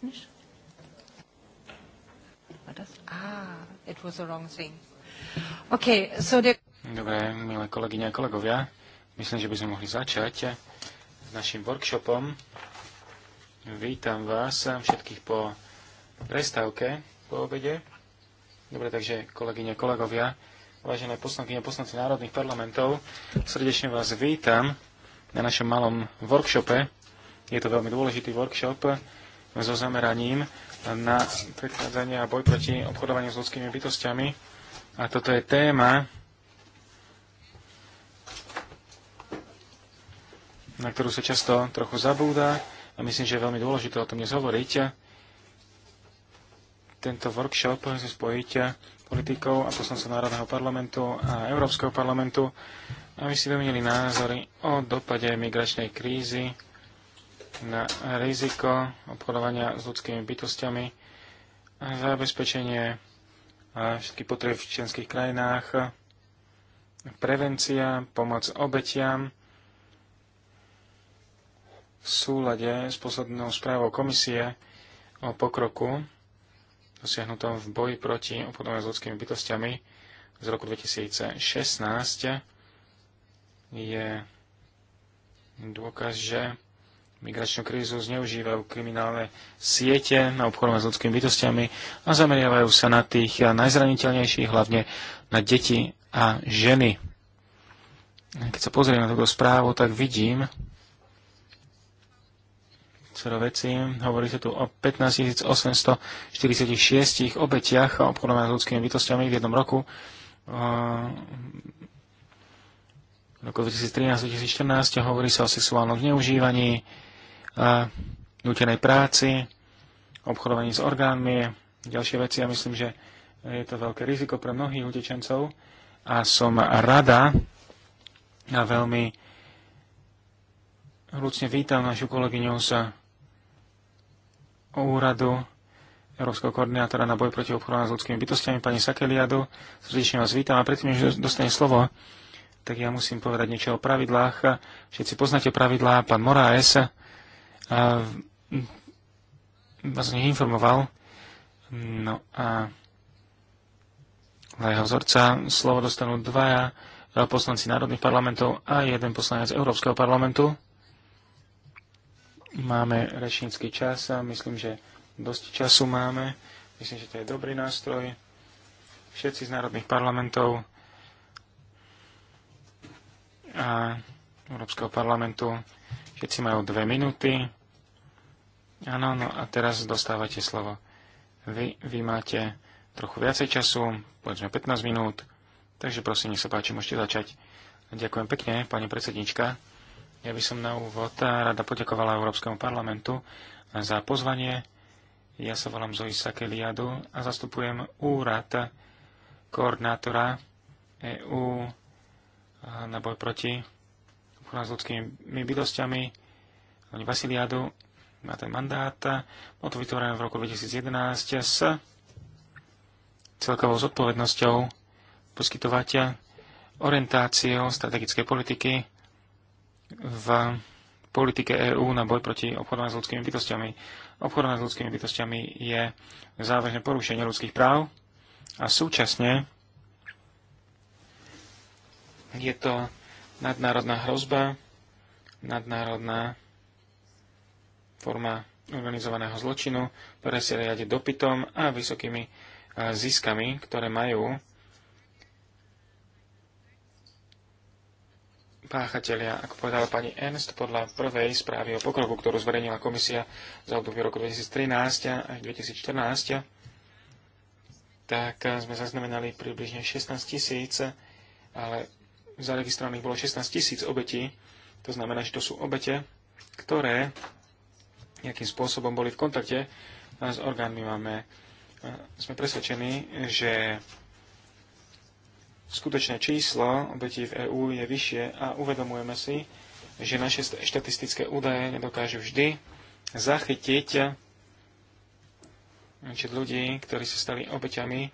jetzt nicht? War das? Ah, it was the wrong thing. Okay, so the... Dobre, milé kolegyne a kolegovia, myslím, že by sme mohli začať s našim workshopom. Vítam vás všetkých po prestávke, po obede. Dobre, takže kolegyne, a kolegovia, vážené poslankyne, poslanci národných parlamentov, srdečne vás vítam na našom malom workshope. Je to veľmi dôležitý workshop, so zameraním na predchádzanie a boj proti obchodovaniu s ľudskými bytostiami. A toto je téma, na ktorú sa často trochu zabúda a myslím, že je veľmi dôležité o tom dnes hovoriť. Tento workshop si spojiť politikov a poslancov Národného parlamentu a Európskeho parlamentu, aby si vymenili názory o dopade migračnej krízy na riziko obchodovania s ľudskými bytostiami, zabezpečenie všetkých potreb v členských krajinách, prevencia, pomoc obetiam v súlade s poslednou správou komisie o pokroku dosiahnutom v boji proti obchodovaniu s ľudskými bytostiami z roku 2016 je dôkaz, že migračnú krízu zneužívajú kriminálne siete na obchodom s ľudskými bytostiami a zameriavajú sa na tých najzraniteľnejších, hlavne na deti a ženy. Keď sa pozrieme na túto správu, tak vidím celé veci. Hovorí sa tu o 15 846 obetiach a obchodom s ľudskými bytostiami v jednom roku. V roku 2013-2014 hovorí sa o sexuálnom zneužívaní, a nutenej práci, obchodovaní s orgánmi, ďalšie veci. Ja myslím, že je to veľké riziko pre mnohých utečencov a som rada a veľmi hrúcne vítam našu kolegyňu z úradu Európskeho koordinátora na boj proti obchodovaní s ľudskými bytostiami, pani Sakeliadu. Srdečne vás vítam a predtým, než dostane slovo, tak ja musím povedať niečo o pravidlách. Všetci poznáte pravidlá. Pán Moraes a, vás o nich informoval. No a jeho vzorca slovo dostanú dvaja poslanci národných parlamentov a jeden poslanec Európskeho parlamentu. Máme rečnícky čas a myslím, že dosť času máme. Myslím, že to je dobrý nástroj. Všetci z národných parlamentov a Európskeho parlamentu. Všetci majú dve minúty. Áno, no a teraz dostávate slovo. Vy, vy máte trochu viacej času, povedzme 15 minút, takže prosím, nech sa páči, môžete začať. Ďakujem pekne, pani predsednička. Ja by som na úvod rada poďakovala Európskemu parlamentu za pozvanie. Ja sa volám Zoe Sakeliadu a zastupujem úrad koordinátora EÚ na boj proti obchodu s ľudskými bytostiami, Vasiliadu na ten mandát. Bol to vytvorené v roku 2011 s celkovou zodpovednosťou poskytovať orientáciou strategickej politiky v politike EÚ na boj proti obchodovaniu s ľudskými bytostiami. Obchodovanie s ľudskými bytostiami je závažné porušenie ľudských práv a súčasne je to nadnárodná hrozba, nadnárodná forma organizovaného zločinu, ktoré si riade dopytom a vysokými e, ziskami, ktoré majú páchatelia, ako povedala pani Ernst, podľa prvej správy o pokroku, ktorú zverejnila komisia za obdobie roku 2013 až 2014, tak sme zaznamenali približne 16 tisíc, ale zaregistrovaných bolo 16 tisíc obetí. To znamená, že to sú obete, ktoré nejakým spôsobom boli v kontakte s orgánmi. Máme, sme presvedčení, že skutočné číslo obetí v EÚ je vyššie a uvedomujeme si, že naše štatistické údaje nedokážu vždy zachytiť čiže ľudí, ktorí sa stali obeťami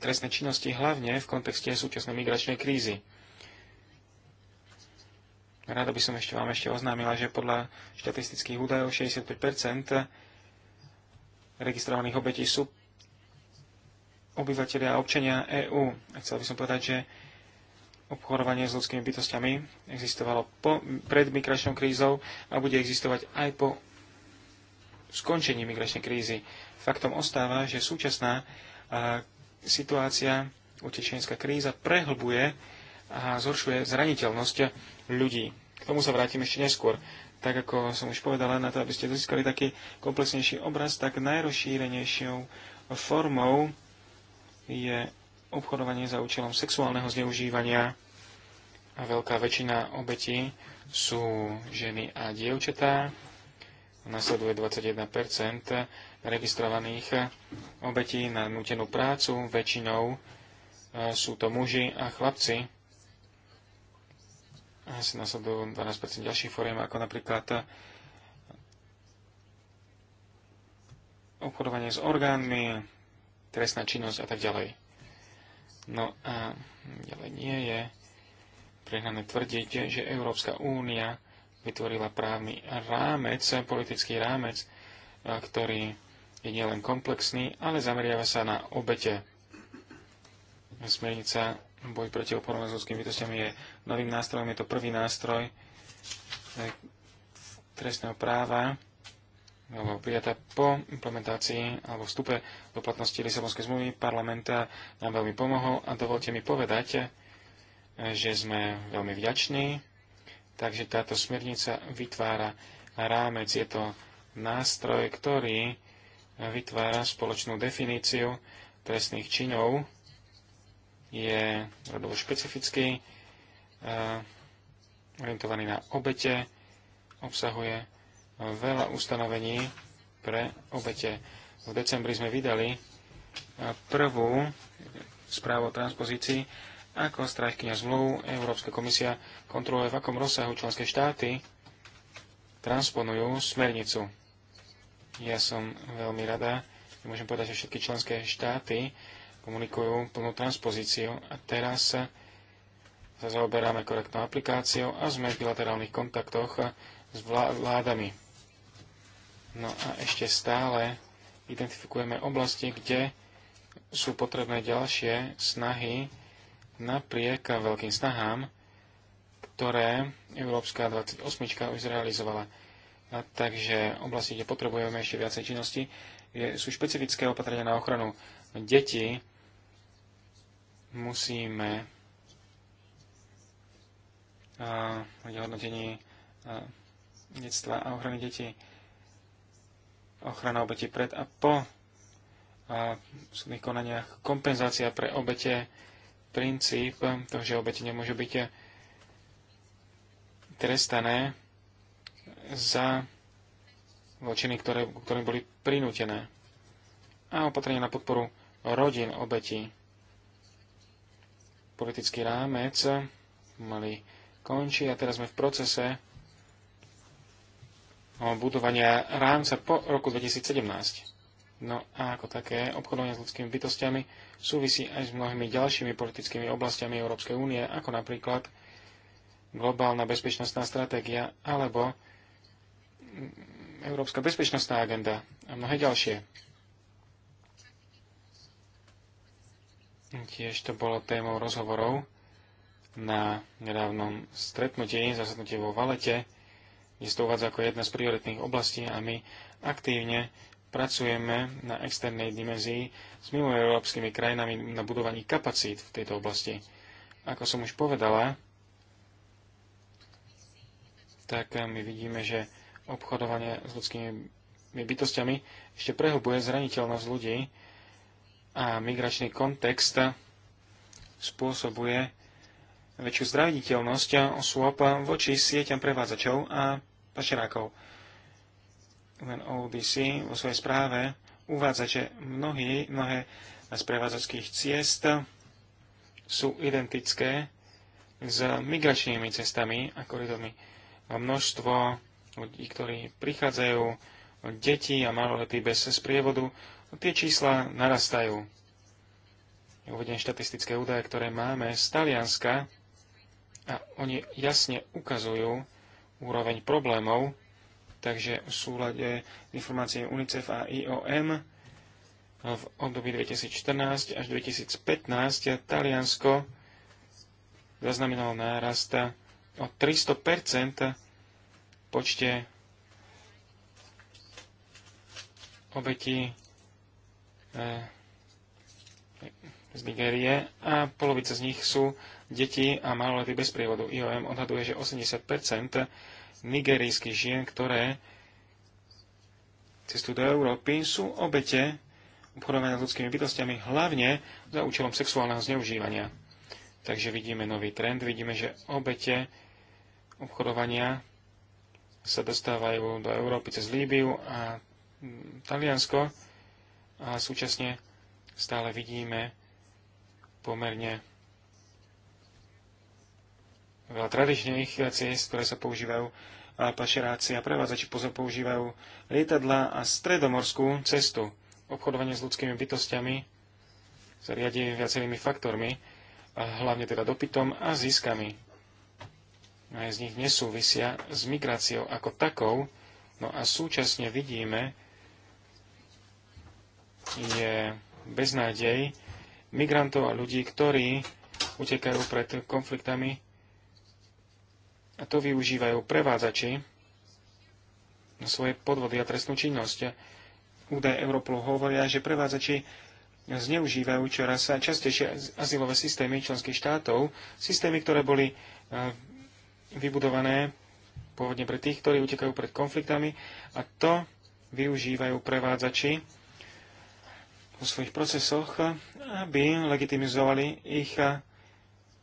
trestnej činnosti, hlavne v kontexte súčasnej migračnej krízy. Rada by som ešte vám ešte oznámila, že podľa štatistických údajov 65% registrovaných obetí sú obyvateľia a občania EÚ. Chcel by som povedať, že obchodovanie s ľudskými bytostiami existovalo po, pred migračnou krízou a bude existovať aj po skončení migračnej krízy. Faktom ostáva, že súčasná a, situácia, utečenská kríza prehlbuje a zhoršuje zraniteľnosť ľudí. K tomu sa vrátim ešte neskôr. Tak ako som už povedala, na to, aby ste získali taký komplexnejší obraz, tak najrozšírenejšou formou je obchodovanie za účelom sexuálneho zneužívania a veľká väčšina obetí sú ženy a dievčatá. Nasleduje 21 registrovaných obetí na nutenú prácu. Väčšinou eh, sú to muži a chlapci si nasledujú 12% ďalších fóriem, ako napríklad eh, obchodovanie s orgánmi, trestná činnosť a tak ďalej. No a ďalej nie je prehnané tvrdiť, že Európska únia vytvorila právny rámec, politický rámec, eh, ktorý je nielen komplexný, ale zameriava sa na obete. Smernica Boj proti oporom s bytostiami je novým nástrojom, je to prvý nástroj eh, trestného práva, alebo prijatá po implementácii alebo vstupe do platnosti Lisabonskej zmluvy parlamenta nám veľmi pomohol a dovolte mi povedať, eh, že sme veľmi vďační. Takže táto smernica vytvára rámec. Je to nástroj, ktorý eh, vytvára spoločnú definíciu trestných činov je rodovo špecifický, eh, orientovaný na obete, obsahuje veľa ustanovení pre obete. V decembri sme vydali eh, prvú správu o transpozícii, ako strajkyňa zmluv Európska komisia kontroluje, v akom rozsahu členské štáty transponujú smernicu. Ja som veľmi rada, že môžem povedať, že všetky členské štáty komunikujú plnú transpozíciu a teraz sa zaoberáme korektnou aplikáciou a sme v bilaterálnych kontaktoch s vládami. No a ešte stále identifikujeme oblasti, kde sú potrebné ďalšie snahy napriek veľkým snahám, ktoré Európska 28 už zrealizovala. A takže oblasti, kde potrebujeme ešte viacej činnosti, sú špecifické opatrenia na ochranu detí, musíme o hodnotenie detstva a ochrany detí, ochrana obete pred a po a v súdnych konaniach kompenzácia pre obete, princíp toho, že obete nemôžu byť trestané za zločiny, ktoré, ktoré boli prinútené. A opatrenie na podporu rodín obetí politický rámec mali končí a teraz sme v procese budovania rámca po roku 2017. No a ako také obchodovanie s ľudskými bytostiami súvisí aj s mnohými ďalšími politickými oblastiami Európskej únie, ako napríklad globálna bezpečnostná stratégia alebo Európska bezpečnostná agenda a mnohé ďalšie. Tiež to bolo témou rozhovorov na nedávnom stretnutí, zasadnutí vo Valete, kde sa to uvádza ako jedna z prioritných oblastí a my aktívne pracujeme na externej dimenzii s mimoeurópskymi krajinami na budovaní kapacít v tejto oblasti. Ako som už povedala, tak my vidíme, že obchodovanie s ľudskými bytostiami ešte prehobuje zraniteľnosť ľudí a migračný kontext spôsobuje väčšiu zraniteľnosť osôb voči sieťam prevádzačov a pašerákov. UNODC vo svojej správe uvádza, že mnohí, mnohé z prevádzačských ciest sú identické s migračnými cestami a koridormi. Množstvo ľudí, ktorí prichádzajú, deti a maloletí bez sprievodu, Tie čísla narastajú. Uvediem štatistické údaje, ktoré máme z Talianska a oni jasne ukazujú úroveň problémov, takže v súlade s informáciami UNICEF a IOM v období 2014 až 2015 Taliansko zaznamenalo nárast o 300 v počte obetí E, z Nigérie a polovica z nich sú deti a malolety bez prievodu. IOM odhaduje, že 80 nigerijských žien, ktoré cestujú do Európy, sú obete obchodovania s ľudskými bytostiami hlavne za účelom sexuálneho zneužívania. Takže vidíme nový trend, vidíme, že obete obchodovania sa dostávajú do Európy cez Líbiu a Taliansko a súčasne stále vidíme pomerne veľa tradičných ciest, ktoré sa používajú pašeráci a prevádzači pozor používajú lietadla a stredomorskú cestu. Obchodovanie s ľudskými bytostiami sa riadi viacerými faktormi, a hlavne teda dopytom a získami. Aj z nich nesúvisia s migráciou ako takou, no a súčasne vidíme, je beznádej migrantov a ľudí, ktorí utekajú pred konfliktami a to využívajú prevádzači na svoje podvody a trestnú činnosť. Údaje Europolu hovoria, že prevádzači zneužívajú čoraz častejšie azylové systémy členských štátov, systémy, ktoré boli eh, vybudované pôvodne pre tých, ktorí utekajú pred konfliktami a to využívajú prevádzači vo svojich procesoch, aby legitimizovali ich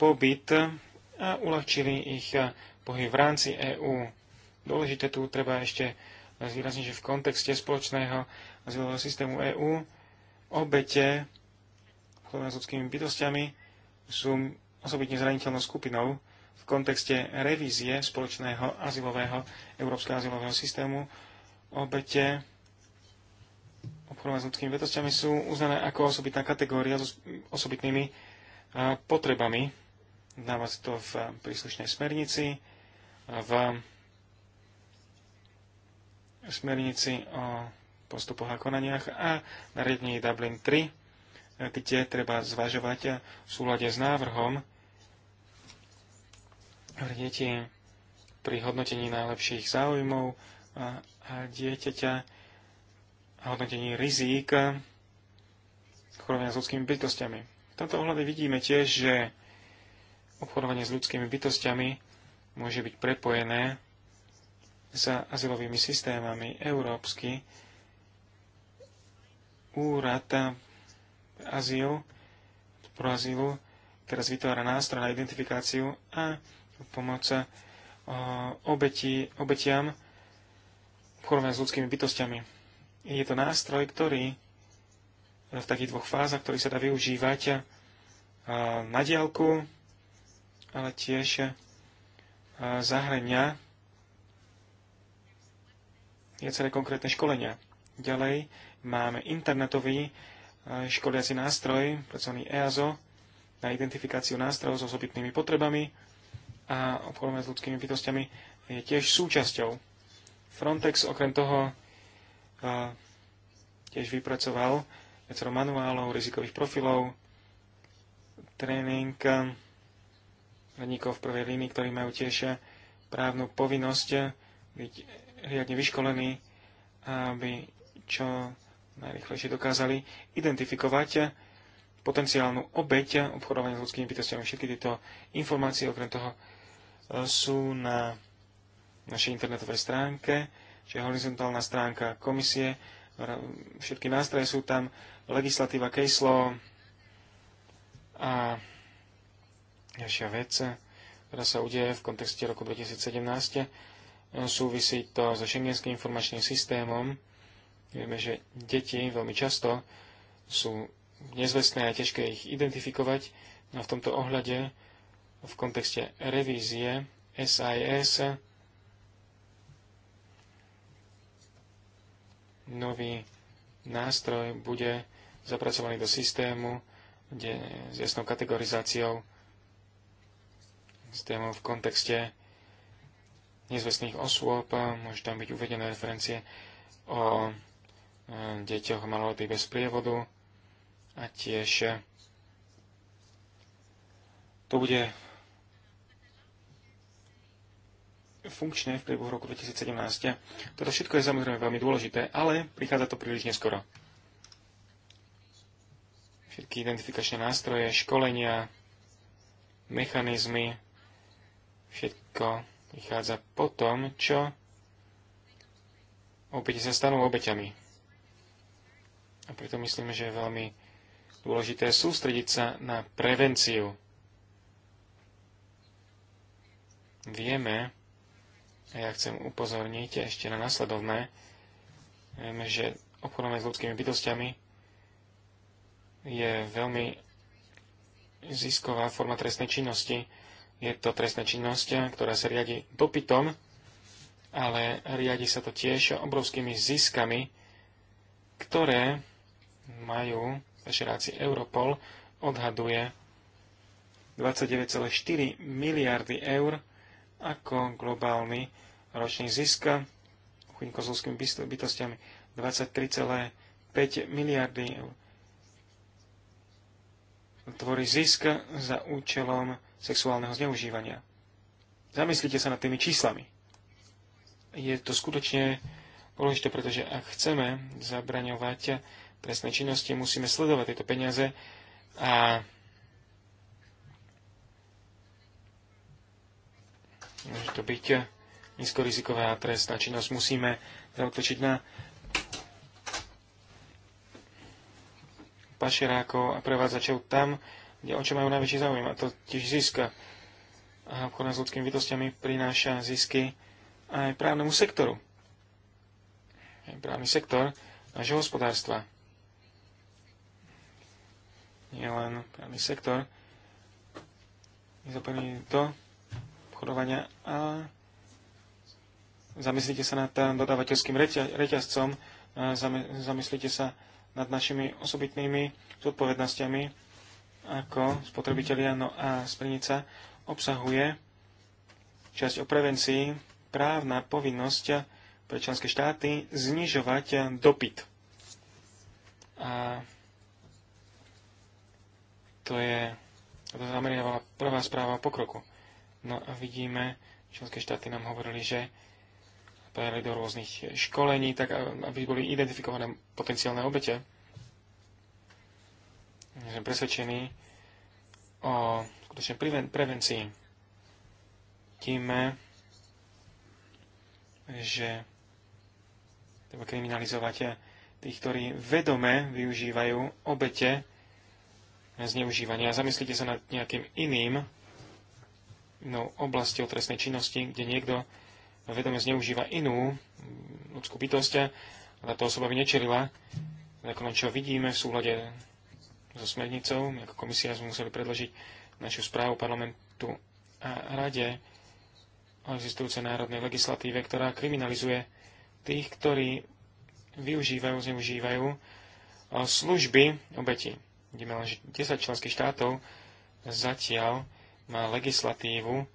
pobyt a uľahčili ich pohyb v rámci EÚ. Dôležité tu treba ešte zvýrazniť, že v kontexte spoločného azylového systému EÚ obete s ľudskými bytostiami sú osobitne zraniteľnou skupinou v kontexte revízie spoločného azylového, európskeho azylového systému obete obchodovanie s ľudskými vedosťami sú uznané ako osobitná kategória so osobitnými potrebami. Dáva sa to v príslušnej smernici, v smernici o postupoch a konaniach a nariadení Dublin 3, kde treba zvažovať v súlade s návrhom deti pri hodnotení najlepších záujmov a, a dieťaťa hodnotení rizík obchodovania s ľudskými bytostiami. V tomto ohľade vidíme tiež, že obchodovanie s ľudskými bytostiami môže byť prepojené s azylovými systémami. Európsky úrad azyl, pro azylu teraz vytvára nástroj na identifikáciu a pomoc eh, obetiam obchodovania s ľudskými bytostiami je to nástroj, ktorý v takých dvoch fázach, ktorý sa dá využívať na diálku, ale tiež zahrania viaceré konkrétne školenia. Ďalej máme internetový školiaci nástroj, pracovný EASO, na identifikáciu nástrojov s osobitnými potrebami a obchodovanie s ľudskými bytostiami je tiež súčasťou. Frontex okrem toho tiež vypracoval viacero manuálov, rizikových profilov, tréning eh, radníkov v prvej línii, ktorí majú tiež eh, právnu povinnosť eh, byť riadne vyškolení, aby čo najrychlejšie dokázali identifikovať potenciálnu obeť obchodovania s ľudskými bytostiami. Všetky tieto informácie okrem toho sú na našej internetovej stránke čiže horizontálna stránka komisie, všetky nástroje sú tam, legislatíva, case law a ďalšia vec, ktorá sa udeje v kontexte roku 2017, e, súvisí to so šengenským informačným systémom. Vieme, že deti veľmi často sú nezvestné a ťažké ich identifikovať. No v tomto ohľade v kontexte revízie SIS nový nástroj bude zapracovaný do systému, kde s jasnou kategorizáciou systému v kontexte nezvestných osôb, môžu tam byť uvedené referencie o e, deťoch maloletých bez prievodu a tiež to bude funkčné v priebehu roku 2017. Toto všetko je samozrejme veľmi dôležité, ale prichádza to príliš neskoro. Všetky identifikačné nástroje, školenia, mechanizmy, všetko prichádza po tom, čo obete sa stanú obeťami. A preto myslím, že je veľmi dôležité sústrediť sa na prevenciu. Vieme, a Ja chcem upozorniť ešte na následovné, Vieme, že obchodovanie s ľudskými bytostiami je veľmi zisková forma trestnej činnosti. Je to trestná činnosť, ktorá sa riadi dopytom, ale riadi sa to tiež obrovskými ziskami, ktoré majú federácii Europol odhaduje 29,4 miliardy eur ako globálny ročný zisk chuň bytostiami 23,5 miliardy eur. Tvorí zisk za účelom sexuálneho zneužívania. Zamyslite sa nad tými číslami. Je to skutočne dôležité, pretože ak chceme zabraňovať trestné činnosti, musíme sledovať tieto peniaze a Môže to byť eh, nízkoriziková trestná činnosť. Musíme zautočiť na pašerákov a prevádzačov tam, kde o čo majú najväčší záujem. A to tiež získa. A obchodná s ľudskými bytostiami prináša zisky aj právnemu sektoru. Aj právny sektor nášho hospodárstva. Nie len právny sektor. Je to, obchodovania a zamyslite sa nad dodávateľským reťazcom, zamyslite sa nad našimi osobitnými zodpovednosťami ako spotrebitelia. No a smernica obsahuje časť o prevencii právna povinnosť pre členské štáty znižovať dopyt. A to je to zameriavala prvá správa o pokroku. No a vidíme, členské štáty nám hovorili, že prejeli do rôznych školení, tak aby boli identifikované potenciálne obete. Sme presvedčení o skutočnej prevencii. Tým, že treba kriminalizovať tých, ktorí vedome využívajú obete zneužívania. Zamyslite sa nad nejakým iným inou oblasťou trestnej činnosti, kde niekto vedome zneužíva inú mm, ľudskú bytosť a táto osoba by nečelila zákonom, čo vidíme v súhľade so smernicou. My ako komisia sme museli predložiť našu správu parlamentu a rade o existujúcej národnej legislatíve, ktorá kriminalizuje tých, ktorí využívajú, zneužívajú e, služby obeti. Vidíme len, že 10 členských štátov zatiaľ má legislatívu, e,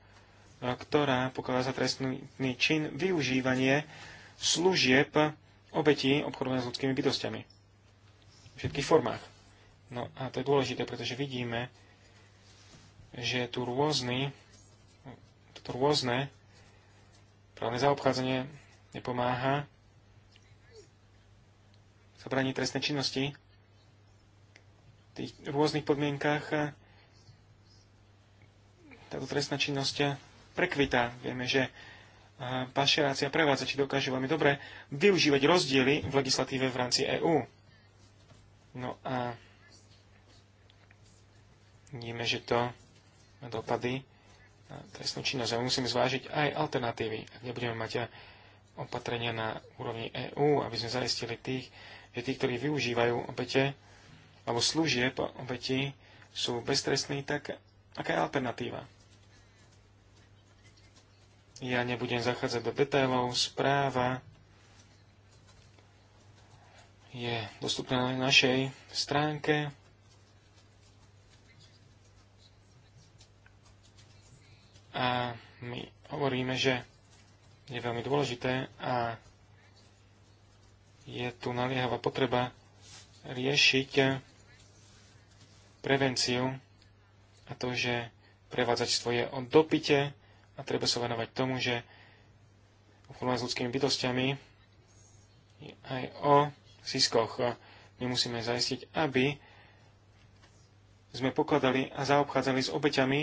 ktorá pokladá za trestný čin využívanie služieb obetí obchodovania s ľudskými bytostiami. V všetkých formách. No a to je dôležité, pretože vidíme, že je tu rôzny, toto rôzne právne zaobchádzanie nepomáha zabraniť trestnej činnosti v tých rôznych podmienkách táto trestná činnosť prekvitá. Vieme, že eh, pašeráci a prevádzači dokážu veľmi dobre využívať rozdiely v legislatíve v rámci EÚ. No a vidíme, že to má dopady na trestnú činnosť. A musíme zvážiť aj alternatívy. Ak nebudeme mať eh, opatrenia na úrovni EÚ, aby sme zaistili tých, že tí, ktorí využívajú obete alebo služieb obeti sú beztrestní, tak aká je alternatíva? Ja nebudem zachádzať do detailov. Správa je dostupná na našej stránke. A my hovoríme, že je veľmi dôležité a je tu naliehavá potreba riešiť prevenciu a to, že prevádzačstvo je o dopite, a treba sa venovať tomu, že obchodovanie s ľudskými bytostiami aj o ziskoch. My musíme zaistiť, aby sme pokladali a zaobchádzali s obeťami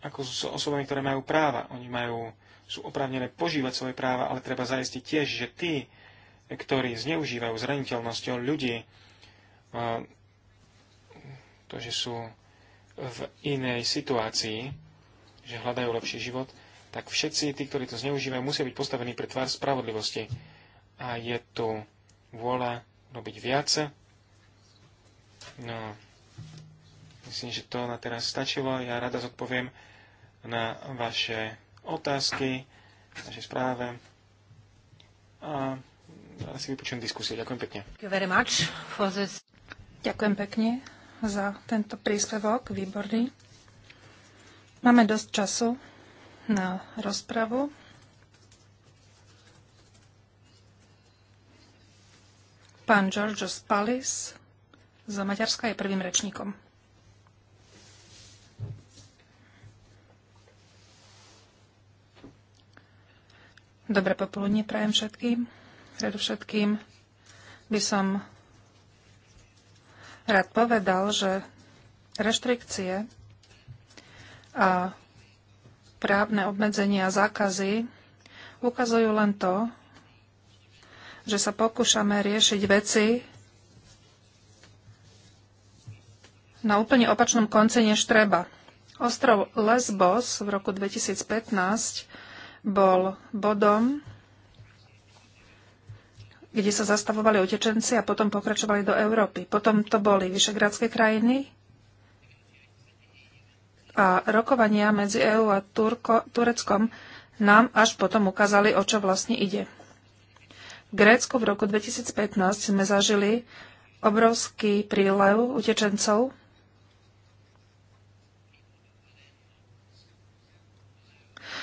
ako s osobami, ktoré majú práva. Oni majú, sú oprávnené požívať svoje práva, ale treba zaistiť tiež, že tí, ktorí zneužívajú zraniteľnosťou ľudí, to, že sú v inej situácii, že hľadajú lepší život, tak všetci tí, ktorí to zneužívajú, musia byť postavení pre tvár spravodlivosti. A je tu vôľa robiť viac. No, myslím, že to na teraz stačilo. Ja rada zodpoviem na vaše otázky, naše vaše správe. A ja si vypočujem diskusiu. Ďakujem pekne. Ďakujem pekne za tento príspevok, výborný. Máme dosť času na rozpravu. Pán Georgios Palis z Maďarska je prvým rečníkom. Dobré popoludne prajem všetkým. Predovšetkým by som rád povedal, že reštrikcie a právne obmedzenia a zákazy ukazujú len to, že sa pokúšame riešiť veci na úplne opačnom konci než treba. Ostrov Lesbos v roku 2015 bol bodom, kde sa zastavovali utečenci a potom pokračovali do Európy. Potom to boli vyšegrádske krajiny a rokovania medzi EÚ a Turko, Tureckom nám až potom ukázali, o čo vlastne ide. V Grécku v roku 2015 sme zažili obrovský prílev utečencov.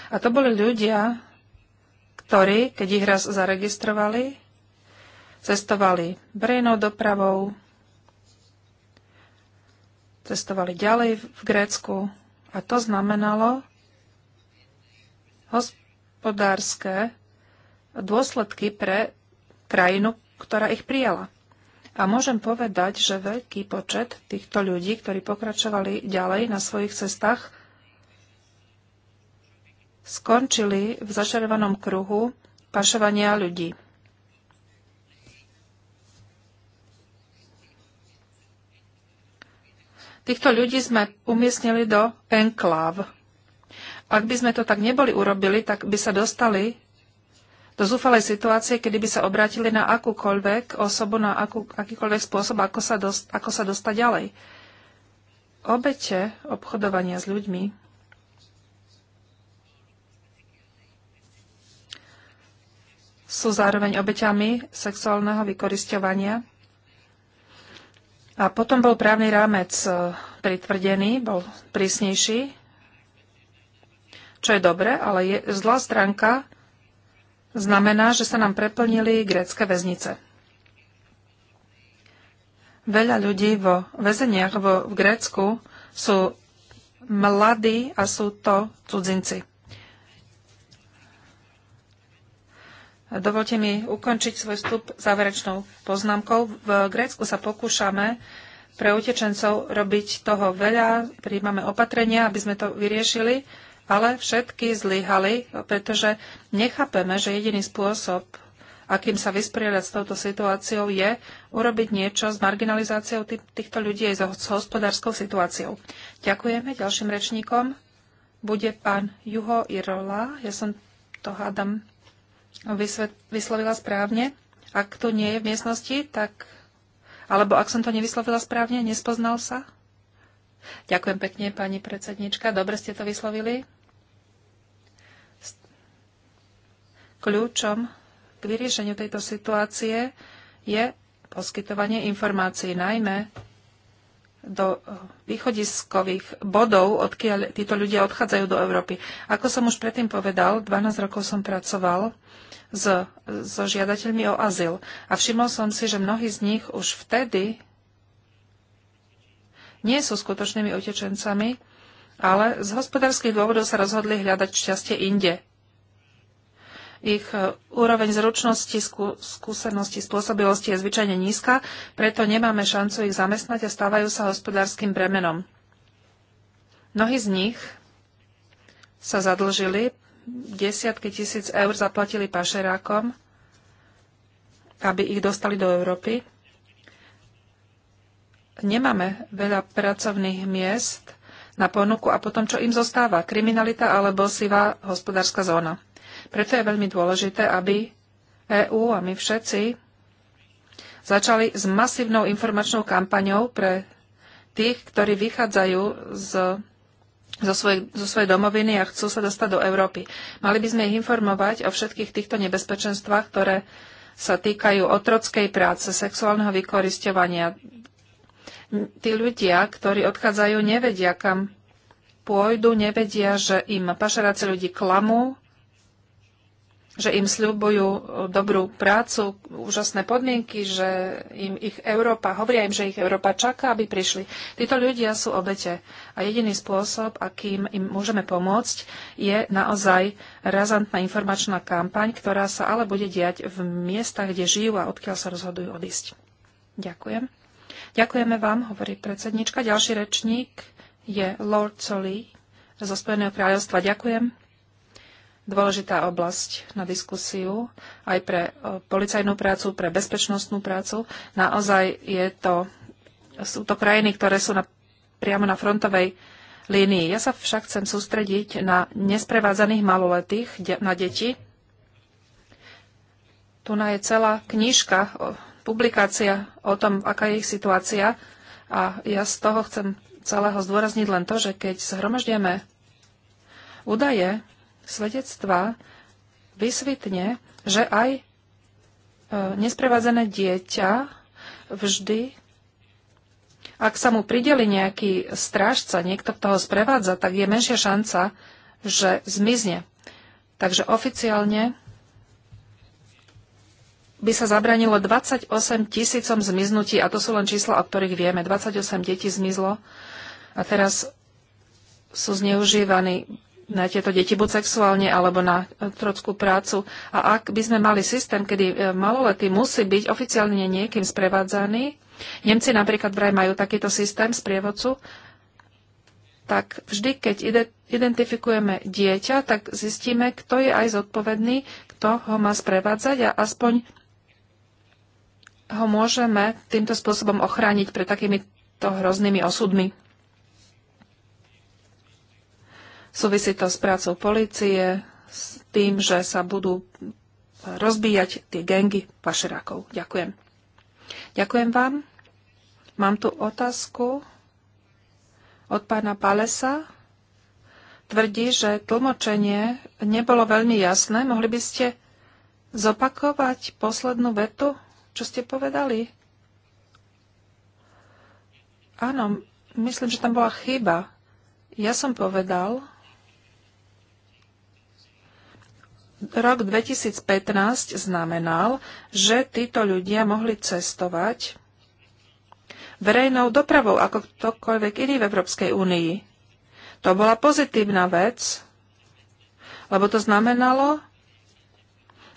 A to boli ľudia, ktorí, keď ich raz zaregistrovali, cestovali verejnou dopravou, cestovali ďalej v Grécku a to znamenalo hospodárske dôsledky pre krajinu, ktorá ich prijala. A môžem povedať, že veľký počet týchto ľudí, ktorí pokračovali ďalej na svojich cestách, skončili v zašarovanom kruhu pašovania ľudí. Týchto ľudí sme umiestnili do enkláv. Ak by sme to tak neboli urobili, tak by sa dostali do zúfalej situácie, kedy by sa obrátili na akúkoľvek osobu, na akú, akýkoľvek spôsob, ako sa, dost, ako sa dostať ďalej. Obete obchodovania s ľuďmi sú zároveň obeťami sexuálneho vykorisťovania a potom bol právny rámec e, pritvrdený, bol prísnejší, čo je dobre, ale je, zlá stránka znamená, že sa nám preplnili grécké väznice. Veľa ľudí vo väzeniach vo, v Grécku sú mladí a sú to cudzinci. Dovolte mi ukončiť svoj vstup záverečnou poznámkou. V Grécku sa pokúšame pre utečencov robiť toho veľa, príjmame opatrenia, aby sme to vyriešili, ale všetky zlyhali, pretože nechápeme, že jediný spôsob, akým sa vysporiadať s touto situáciou, je urobiť niečo s marginalizáciou týchto ľudí aj s hospodárskou situáciou. Ďakujeme ďalším rečníkom. Bude pán Juho Irola. Ja som to hádam vyslovila správne. Ak to nie je v miestnosti, tak... Alebo ak som to nevyslovila správne, nespoznal sa? Ďakujem pekne, pani predsednička. Dobre ste to vyslovili. Kľúčom k vyriešeniu tejto situácie je poskytovanie informácií, najmä do eh, východiskových bodov, odkiaľ títo ľudia odchádzajú do Európy. Ako som už predtým povedal, 12 rokov som pracoval s, so žiadateľmi o azyl a všimol som si, že mnohí z nich už vtedy nie sú skutočnými utečencami, ale z hospodárskych dôvodov sa rozhodli hľadať šťastie inde. Ich e, úroveň zručnosti, skúsenosti, spôsobilosti je zvyčajne nízka, preto nemáme šancu ich zamestnať a stávajú sa hospodárskym bremenom. Mnohí z nich sa zadlžili, desiatky tisíc eur zaplatili pašerákom, aby ich dostali do Európy. Nemáme veľa pracovných miest na ponuku a potom čo im zostáva? Kriminalita alebo sivá hospodárska zóna. Preto je veľmi dôležité, aby EÚ a my všetci začali s masívnou informačnou kampaňou pre tých, ktorí vychádzajú z, zo, svoj, zo svojej domoviny a chcú sa dostať do Európy. Mali by sme ich informovať o všetkých týchto nebezpečenstvách, ktoré sa týkajú otrockej práce, sexuálneho vykoristovania. Tí ľudia, ktorí odchádzajú, nevedia, kam pôjdu, nevedia, že im pašeráci ľudí klamú, že im sľubujú e, dobrú prácu, úžasné podmienky, že im ich Európa, hovoria im, že ich Európa čaká, aby prišli. Títo ľudia sú obete a jediný spôsob, akým im môžeme pomôcť, je naozaj razantná informačná kampaň, ktorá sa ale bude diať v miestach, kde žijú a odkiaľ sa rozhodujú odísť. Ďakujem. Ďakujeme vám, hovorí predsednička. Ďalší rečník je Lord Soli zo Spojeného kráľovstva. Ďakujem dôležitá oblasť na diskusiu aj pre e, policajnú prácu, pre bezpečnostnú prácu. Naozaj je to, sú to krajiny, ktoré sú na, priamo na frontovej línii. Ja sa však chcem sústrediť na nesprevádzaných maloletých, de, na deti. Tu je celá knižka, publikácia o tom, aká je ich situácia. A ja z toho chcem celého zdôrazniť len to, že keď zhromažďujeme údaje svedectva vysvitne, že aj e, nesprevádzané dieťa vždy, ak sa mu prideli nejaký strážca, niekto, kto toho sprevádza, tak je menšia šanca, že zmizne. Takže oficiálne by sa zabranilo 28 tisícom zmiznutí, a to sú len čísla, o ktorých vieme. 28 detí zmizlo a teraz sú zneužívaní na tieto deti buď sexuálne alebo na e, trockú prácu. A ak by sme mali systém, kedy e, maloletý musí byť oficiálne niekým sprevádzaný, Nemci napríklad vraj majú takýto systém sprievodcu, tak vždy, keď identifikujeme dieťa, tak zistíme, kto je aj zodpovedný, kto ho má sprevádzať a aspoň ho môžeme týmto spôsobom ochrániť pred takýmito hroznými osudmi. Súvisí to s prácou policie, s tým, že sa budú rozbíjať tie gengy pašerákov. Ďakujem. Ďakujem vám. Mám tu otázku od pána Palesa. Tvrdí, že tlmočenie nebolo veľmi jasné. Mohli by ste zopakovať poslednú vetu, čo ste povedali? Áno, myslím, že tam bola chyba. Ja som povedal, Rok 2015 znamenal, že títo ľudia mohli cestovať verejnou dopravou ako ktokoľvek iný v Európskej únii. To bola pozitívna vec, lebo to znamenalo,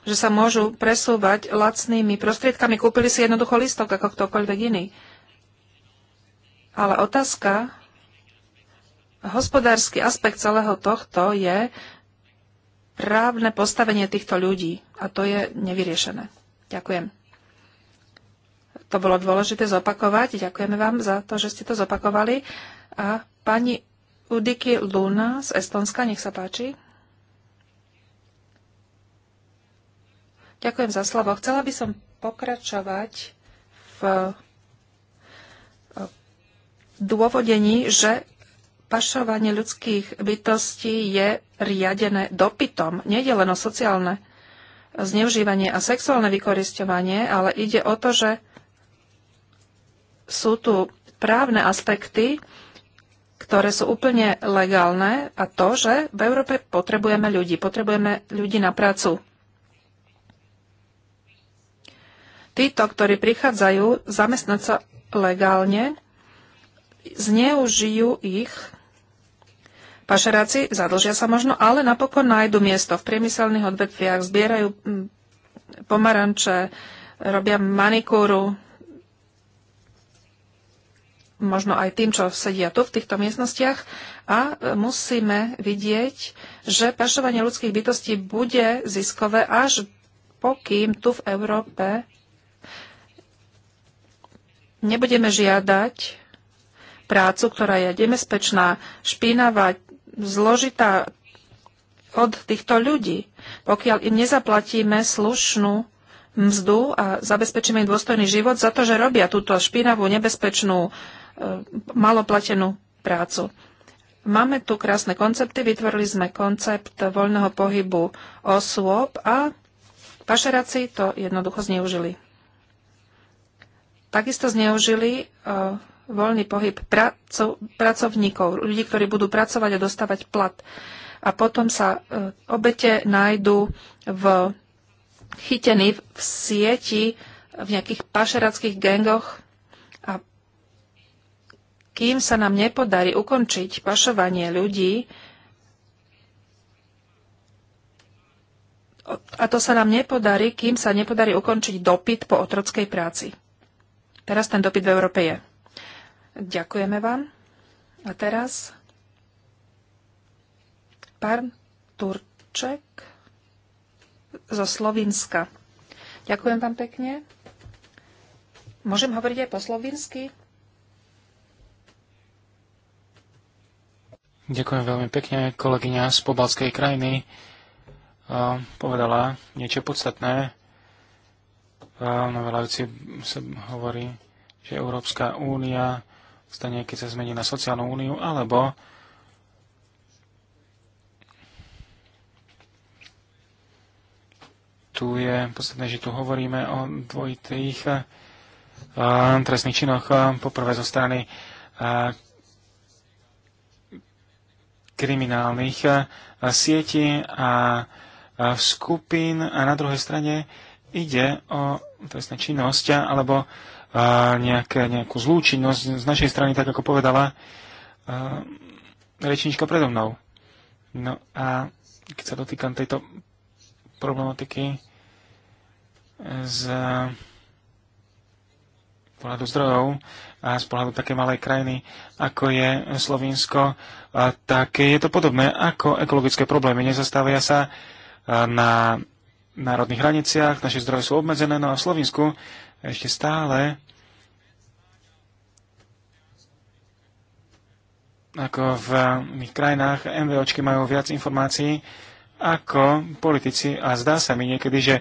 že sa môžu presúvať lacnými prostriedkami. Kúpili si jednoducho listok ako ktokoľvek iný. Ale otázka, hospodársky aspekt celého tohto je, právne postavenie týchto ľudí a to je nevyriešené. Ďakujem. To bolo dôležité zopakovať. Ďakujeme vám za to, že ste to zopakovali. A pani Udiki Luna z Estonska, nech sa páči. Ďakujem za slovo. Chcela by som pokračovať v dôvodení, že pašovanie ľudských bytostí je riadené dopytom. Nejde len o sociálne zneužívanie a sexuálne vykoristovanie, ale ide o to, že sú tu právne aspekty, ktoré sú úplne legálne a to, že v Európe potrebujeme ľudí, potrebujeme ľudí na prácu. Títo, ktorí prichádzajú zamestnať sa legálne, zneužijú ich pašeráci zadlžia sa možno, ale napokon nájdu miesto v priemyselných odvetviach, zbierajú mm, pomaranče, robia manikúru, možno aj tým, čo sedia tu v týchto miestnostiach a e, musíme vidieť, že pašovanie ľudských bytostí bude ziskové až pokým tu v Európe nebudeme žiadať prácu, ktorá je nebezpečná, špinavá, zložitá od týchto ľudí. Pokiaľ im nezaplatíme slušnú mzdu a zabezpečíme im dôstojný život za to, že robia túto špinavú, nebezpečnú, e, maloplatenú prácu. Máme tu krásne koncepty, vytvorili sme koncept voľného pohybu osôb a pašeraci to jednoducho zneužili. Takisto zneužili e, voľný pohyb praco, pracovníkov, ľudí, ktorí budú pracovať a dostávať plat. A potom sa e, obete nájdú v, chytení v sieti v nejakých pašerackých gengoch a kým sa nám nepodarí ukončiť pašovanie ľudí, a to sa nám nepodarí, kým sa nepodarí ukončiť dopyt po otrockej práci. Teraz ten dopyt v Európe je. Ďakujeme vám. A teraz pán Turček zo Slovinska. Ďakujem vám pekne. Môžem hovoriť aj po slovinsky? Ďakujem veľmi pekne. Kolegyňa z pobalskej krajiny povedala niečo podstatné. Na veľajúci sa hovorí, že Európska únia stane, keď sa zmení na sociálnu úniu, alebo tu je posledné, že tu hovoríme o dvojitých trestných činoch. Poprvé zo strany kriminálnych sietí a skupín a na druhej strane ide o trestné činnosť alebo nejaké, nejakú zlúčinnosť z našej strany, tak ako povedala rečnička predo mnou. No a keď sa dotýkam tejto problematiky e, z pohľadu zdrojov a z pohľadu také malej krajiny, ako je Slovinsko, tak je to podobné ako ekologické problémy. Nezastávajú sa na národných hraniciach, naše zdroje sú obmedzené, no a v Slovensku ešte stále ako v mých krajinách MVOčky majú viac informácií ako politici a zdá sa mi niekedy, že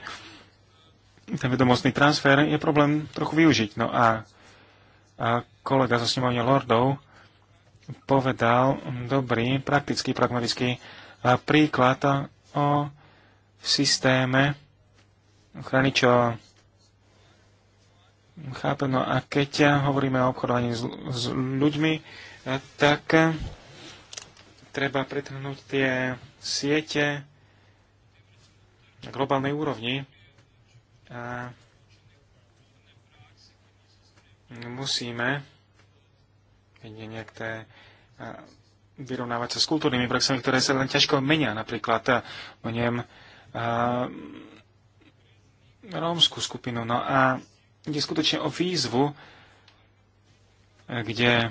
ten vedomostný transfer je problém trochu využiť. No a, a kolega zo snemovne Lordov povedal dobrý, praktický, pragmatický príklad o systéme ochrany, čo Chápem, no a keď hovoríme o obchodovaní s, s ľuďmi, eh, tak eh, treba pretrhnúť tie siete na globálnej úrovni a musíme nejak té, vyrovnávať sa s kultúrnymi praxami, ktoré sa len ťažko menia. Napríklad o eh, nem rómskú skupinu. No a ide skutočne o výzvu, e, kde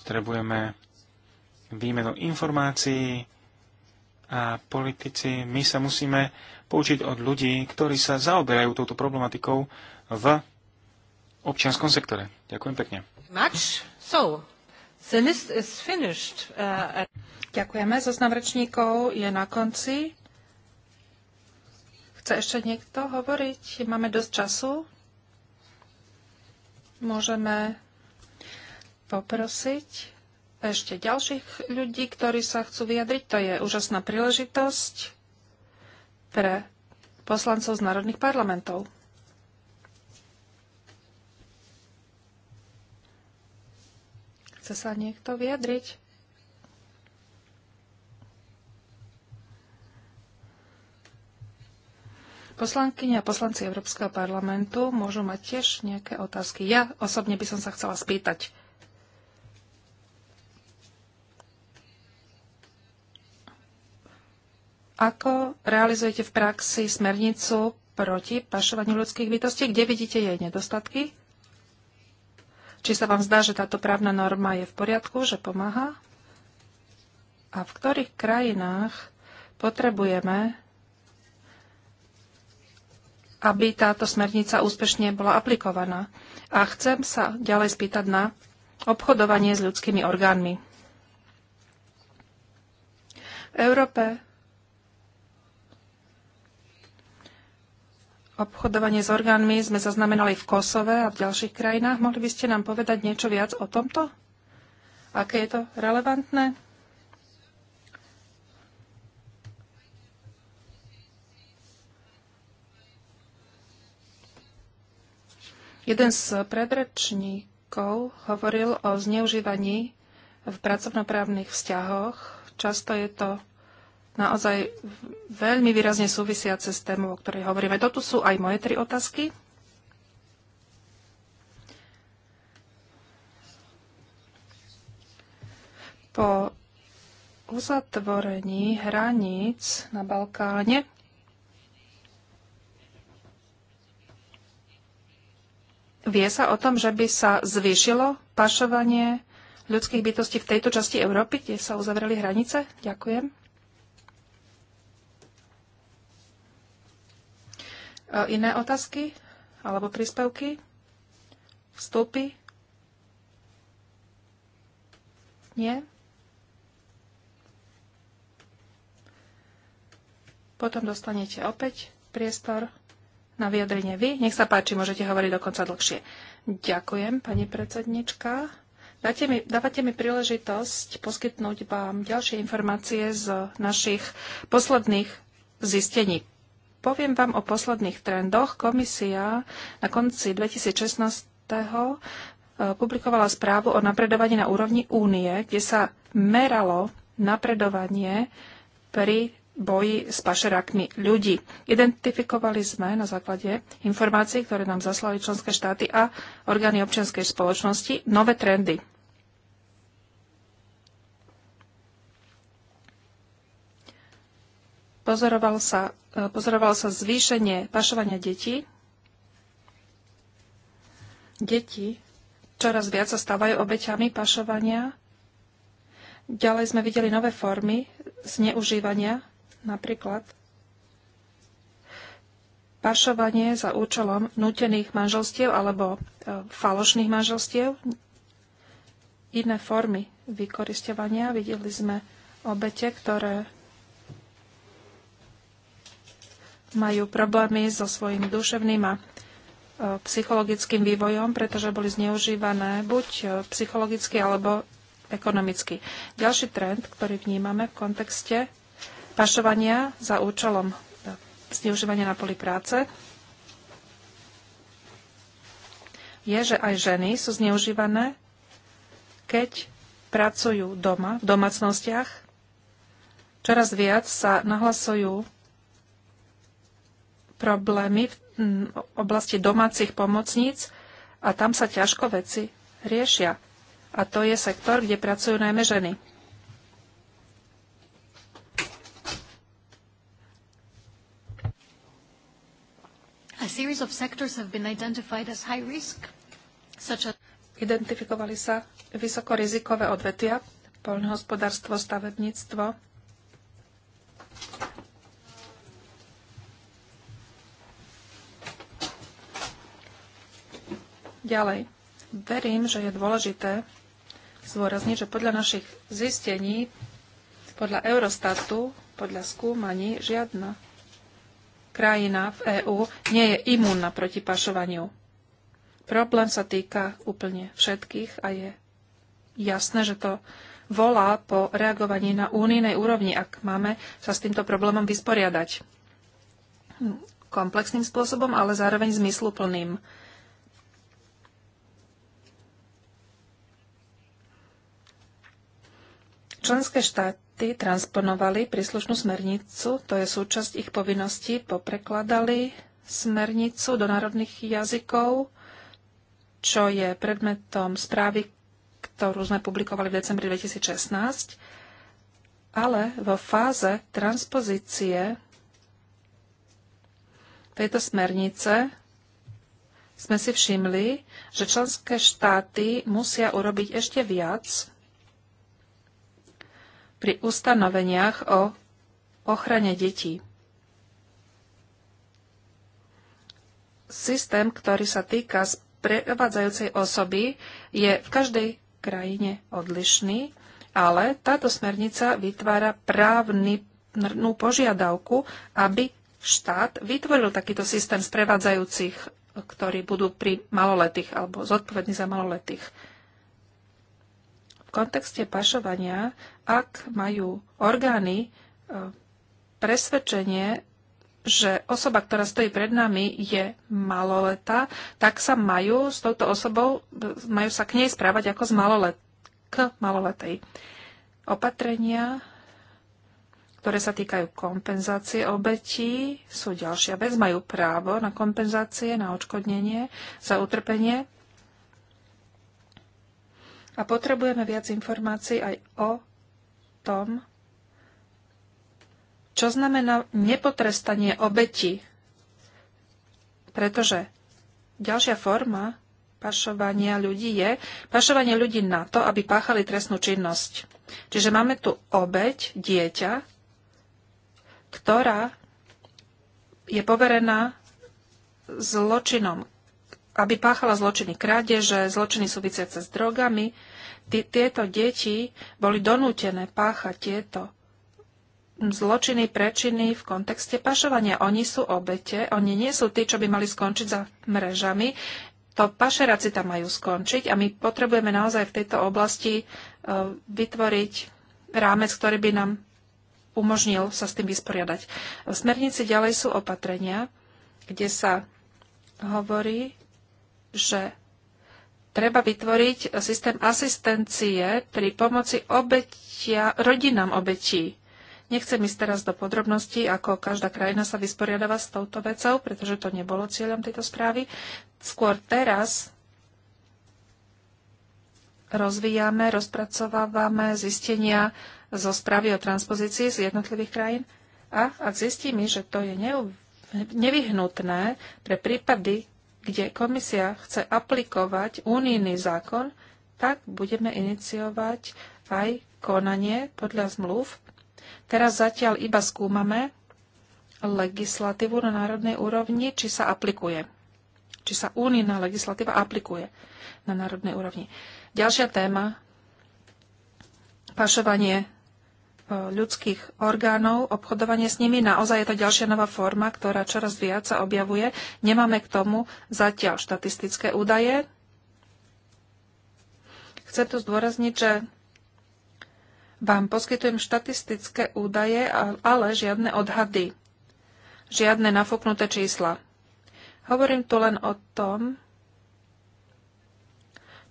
potrebujeme výmenu informácií a politici. My sa musíme poučiť od ľudí, ktorí sa zaoberajú touto problematikou v občianskom sektore. Ďakujem pekne. So, uh, Ďakujeme. Zoznam rečníkov je na konci. Chce ešte niekto hovoriť? Máme dosť času. Môžeme poprosiť ešte ďalších ľudí, ktorí sa chcú vyjadriť. To je úžasná príležitosť pre poslancov z národných parlamentov. Chce sa niekto vyjadriť? Poslankyne a poslanci Európskeho parlamentu môžu mať tiež nejaké otázky. Ja osobne by som sa chcela spýtať. Ako realizujete v praxi smernicu proti pašovaniu ľudských bytostí? Kde vidíte jej nedostatky? Či sa vám zdá, že táto právna norma je v poriadku, že pomáha? A v ktorých krajinách potrebujeme aby táto smernica úspešne bola aplikovaná. A chcem sa ďalej spýtať na obchodovanie s ľudskými orgánmi. V Európe obchodovanie s orgánmi sme zaznamenali v Kosove a v ďalších krajinách. Mohli by ste nám povedať niečo viac o tomto? Aké je to relevantné? Jeden z predrečníkov hovoril o zneužívaní v pracovnoprávnych vzťahoch. Často je to naozaj veľmi výrazne súvisiace s témou, o ktorej hovoríme. Toto sú aj moje tri otázky. Po uzatvorení hraníc na Balkáne Vie sa o tom, že by sa zvýšilo pašovanie ľudských bytostí v tejto časti Európy, kde sa uzavreli hranice? Ďakujem. E, iné otázky alebo príspevky? Vstupy? Nie? Potom dostanete opäť priestor na vyjadrenie vy. Nech sa páči, môžete hovoriť dokonca dlhšie. Ďakujem, pani predsednička. Dáte mi, dávate mi príležitosť poskytnúť vám ďalšie informácie z našich posledných zistení. Poviem vám o posledných trendoch. Komisia na konci 2016. Eh, publikovala správu o napredovaní na úrovni únie, kde sa meralo napredovanie pri boji s pašerákmi ľudí. Identifikovali sme na základe informácií, ktoré nám zaslali členské štáty a orgány občianskej spoločnosti, nové trendy. Pozoroval sa, e, pozoroval sa zvýšenie pašovania detí. Deti čoraz viac sa stávajú obeťami pašovania. Ďalej sme videli nové formy zneužívania Napríklad pašovanie za účelom nutených manželstiev alebo e, falošných manželstiev, iné formy vykoristovania. Videli sme obete, ktoré majú problémy so svojím duševným a e, psychologickým vývojom, pretože boli zneužívané buď e, psychologicky alebo ekonomicky. Ďalší trend, ktorý vnímame v kontexte pašovania za účelom zneužívania na poli práce je, že aj ženy sú zneužívané, keď pracujú doma, v domácnostiach. Čoraz viac sa nahlasujú problémy v oblasti domácich pomocníc a tam sa ťažko veci riešia. A to je sektor, kde pracujú najmä ženy. series of sectors have been identified as high risk, such as Identifikovali sa vysokorizikové odvetvia, poľnohospodárstvo, stavebníctvo, Ďalej, verím, že je dôležité zdôrazniť, že podľa našich zistení, podľa Eurostatu, podľa skúmaní, žiadna krajina v EÚ nie je imúnna proti pašovaniu. Problém sa týka úplne všetkých a je jasné, že to volá po reagovaní na únijnej úrovni, ak máme sa s týmto problémom vysporiadať. Komplexným spôsobom, ale zároveň zmysluplným. Členské štáty štáty transponovali príslušnú smernicu, to je súčasť ich povinností, poprekladali smernicu do národných jazykov, čo je predmetom správy, ktorú sme publikovali v decembri 2016, ale vo fáze transpozície tejto smernice sme si všimli, že členské štáty musia urobiť ešte viac pri ustanoveniach o ochrane detí. Systém, ktorý sa týka sprevádzajúcej osoby, je v každej krajine odlišný, ale táto smernica vytvára právnu požiadavku, aby štát vytvoril takýto systém sprevádzajúcich, ktorí budú pri maloletých alebo zodpovední za maloletých kontexte pašovania, ak majú orgány e, presvedčenie, že osoba, ktorá stojí pred nami, je maloletá, tak sa majú s touto osobou, e, majú sa k nej správať ako z malolet, k maloletej. Opatrenia, ktoré sa týkajú kompenzácie obetí, sú ďalšia vec. Majú právo na kompenzácie, na odškodnenie za utrpenie. A potrebujeme viac informácií aj o tom, čo znamená nepotrestanie obeti. Pretože ďalšia forma pašovania ľudí je pašovanie ľudí na to, aby páchali trestnú činnosť. Čiže máme tu obeť, dieťa, ktorá je poverená zločinom, aby páchala zločiny krádeže, zločiny súvisiace s drogami. Tieto deti boli donútené páchať tieto zločiny, prečiny v kontexte pašovania. Oni sú obete, oni nie sú tí, čo by mali skončiť za mrežami. To pašeraci tam majú skončiť a my potrebujeme naozaj v tejto oblasti e, vytvoriť rámec, ktorý by nám umožnil sa s tým vysporiadať. V smernici ďalej sú opatrenia, kde sa hovorí že treba vytvoriť systém asistencie pri pomoci obetia, rodinám obetí. Nechcem ísť teraz do podrobností, ako každá krajina sa vysporiadava s touto vecou, pretože to nebolo cieľom tejto správy. Skôr teraz rozvíjame, rozpracovávame zistenia zo správy o transpozícii z jednotlivých krajín a ak zistíme, že to je nevyhnutné pre prípady kde komisia chce aplikovať unijný zákon, tak budeme iniciovať aj konanie podľa zmluv. Teraz zatiaľ iba skúmame legislatívu na národnej úrovni, či sa aplikuje. Či sa unijná legislatíva aplikuje na národnej úrovni. Ďalšia téma. Pašovanie ľudských orgánov, obchodovanie s nimi. Naozaj je to ďalšia nová forma, ktorá čoraz viac sa objavuje. Nemáme k tomu zatiaľ štatistické údaje. Chcem tu zdôrazniť, že vám poskytujem štatistické údaje, ale žiadne odhady. Žiadne nafúknuté čísla. Hovorím tu len o tom,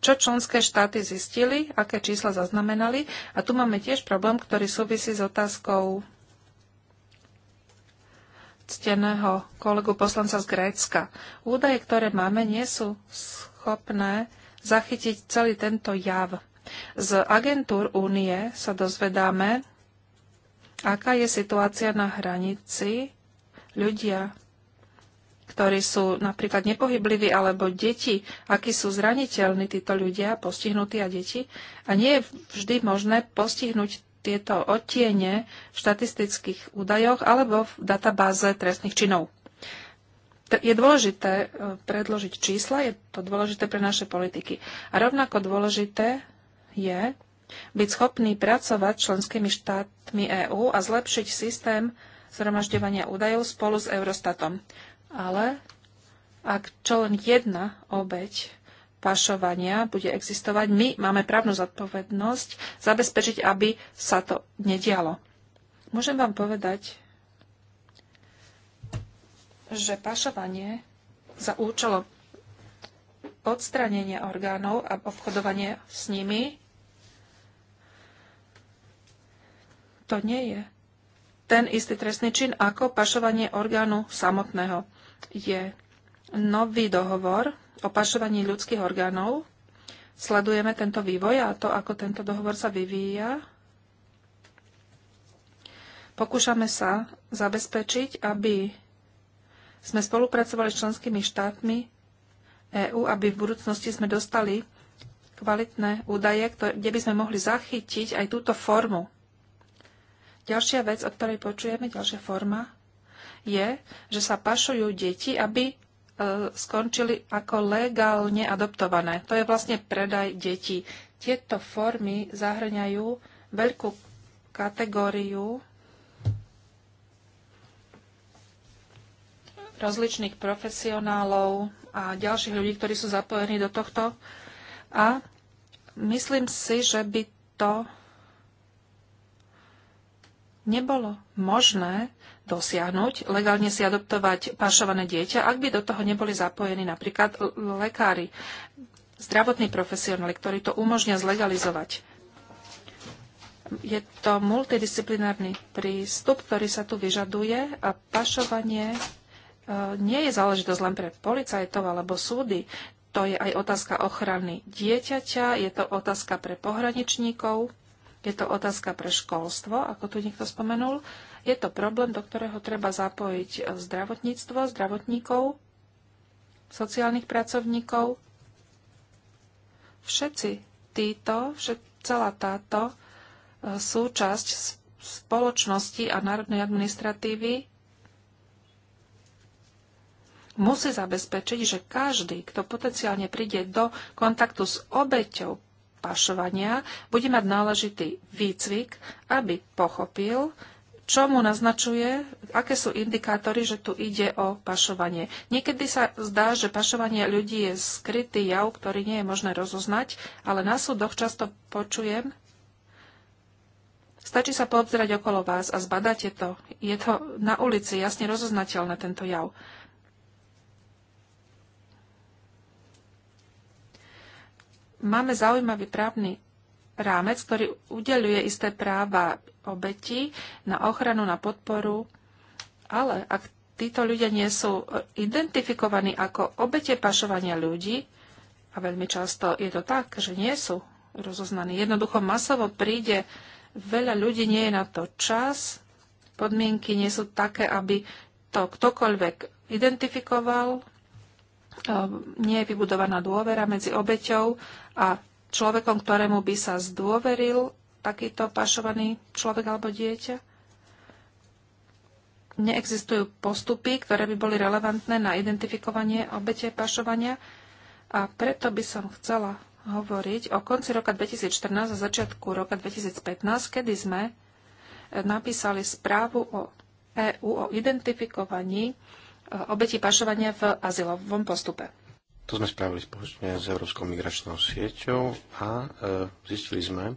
čo členské štáty zistili, aké čísla zaznamenali. A tu máme tiež problém, ktorý súvisí s otázkou cteného kolegu poslanca z Grécka. Údaje, ktoré máme, nie sú schopné zachytiť celý tento jav. Z agentúr únie sa dozvedáme, aká je situácia na hranici. Ľudia ktorí sú napríklad nepohybliví, alebo deti, akí sú zraniteľní títo ľudia, postihnutí a deti. A nie je vždy možné postihnúť tieto odtiene v štatistických údajoch alebo v databáze trestných činov. Je dôležité e, predložiť čísla, je to dôležité pre naše politiky. A rovnako dôležité je byť schopný pracovať členskými štátmi EÚ a zlepšiť systém zhromažďovania údajov spolu s Eurostatom. Ale ak čo len jedna obeď pašovania bude existovať, my máme právnu zodpovednosť zabezpečiť, aby sa to nedialo. Môžem vám povedať, že pašovanie za účelom odstranenia orgánov a obchodovanie s nimi to nie je ten istý trestný čin ako pašovanie orgánu samotného je nový dohovor o pašovaní ľudských orgánov. Sledujeme tento vývoj a to, ako tento dohovor sa vyvíja. Pokúšame sa zabezpečiť, aby sme spolupracovali s členskými štátmi EÚ, aby v budúcnosti sme dostali kvalitné údaje, kde by sme mohli zachytiť aj túto formu. Ďalšia vec, o ktorej počujeme, ďalšia forma je, že sa pašujú deti, aby e, skončili ako legálne adoptované. To je vlastne predaj detí. Tieto formy zahrňajú veľkú kategóriu rozličných profesionálov a ďalších ľudí, ktorí sú zapojení do tohto. A myslím si, že by to nebolo možné dosiahnuť, legálne si adoptovať pašované dieťa, ak by do toho neboli zapojení napríklad lekári, zdravotní profesionáli, ktorí to umožnia zlegalizovať. Je to multidisciplinárny prístup, ktorý sa tu vyžaduje a pašovanie e, nie je záležitosť len pre policajtov alebo súdy. To je aj otázka ochrany dieťaťa, je to otázka pre pohraničníkov je to otázka pre školstvo, ako tu niekto spomenul. Je to problém, do ktorého treba zapojiť e, zdravotníctvo, zdravotníkov, sociálnych pracovníkov. Všetci títo, všet, celá táto e, súčasť spoločnosti a národnej administratívy musí zabezpečiť, že každý, kto potenciálne príde do kontaktu s obeťou pašovania bude mať náležitý výcvik, aby pochopil, čo mu naznačuje, aké sú indikátory, že tu ide o pašovanie. Niekedy sa zdá, že pašovanie ľudí je skrytý jav, ktorý nie je možné rozoznať, ale na súdoch často počujem, Stačí sa poobzerať okolo vás a zbadáte to. Je to na ulici jasne rozoznateľné, tento jav. máme zaujímavý právny rámec, ktorý udeluje isté práva obeti na ochranu, na podporu, ale ak títo ľudia nie sú e, identifikovaní ako obete pašovania ľudí, a veľmi často je to tak, že nie sú rozoznaní. Jednoducho masovo príde veľa ľudí, nie je na to čas, podmienky nie sú také, aby to ktokoľvek identifikoval, Ehm, nie je vybudovaná dôvera medzi obeťou a človekom, ktorému by sa zdôveril takýto pašovaný človek alebo dieťa? Neexistujú postupy, ktoré by boli relevantné na identifikovanie obete pašovania a preto by som chcela hovoriť o konci roka 2014 a začiatku roka 2015, kedy sme napísali správu o EU o identifikovaní Eh, obeti pašovania v azylovom postupe. To sme spravili spoločne s Európskou migračnou sieťou a e, zistili sme,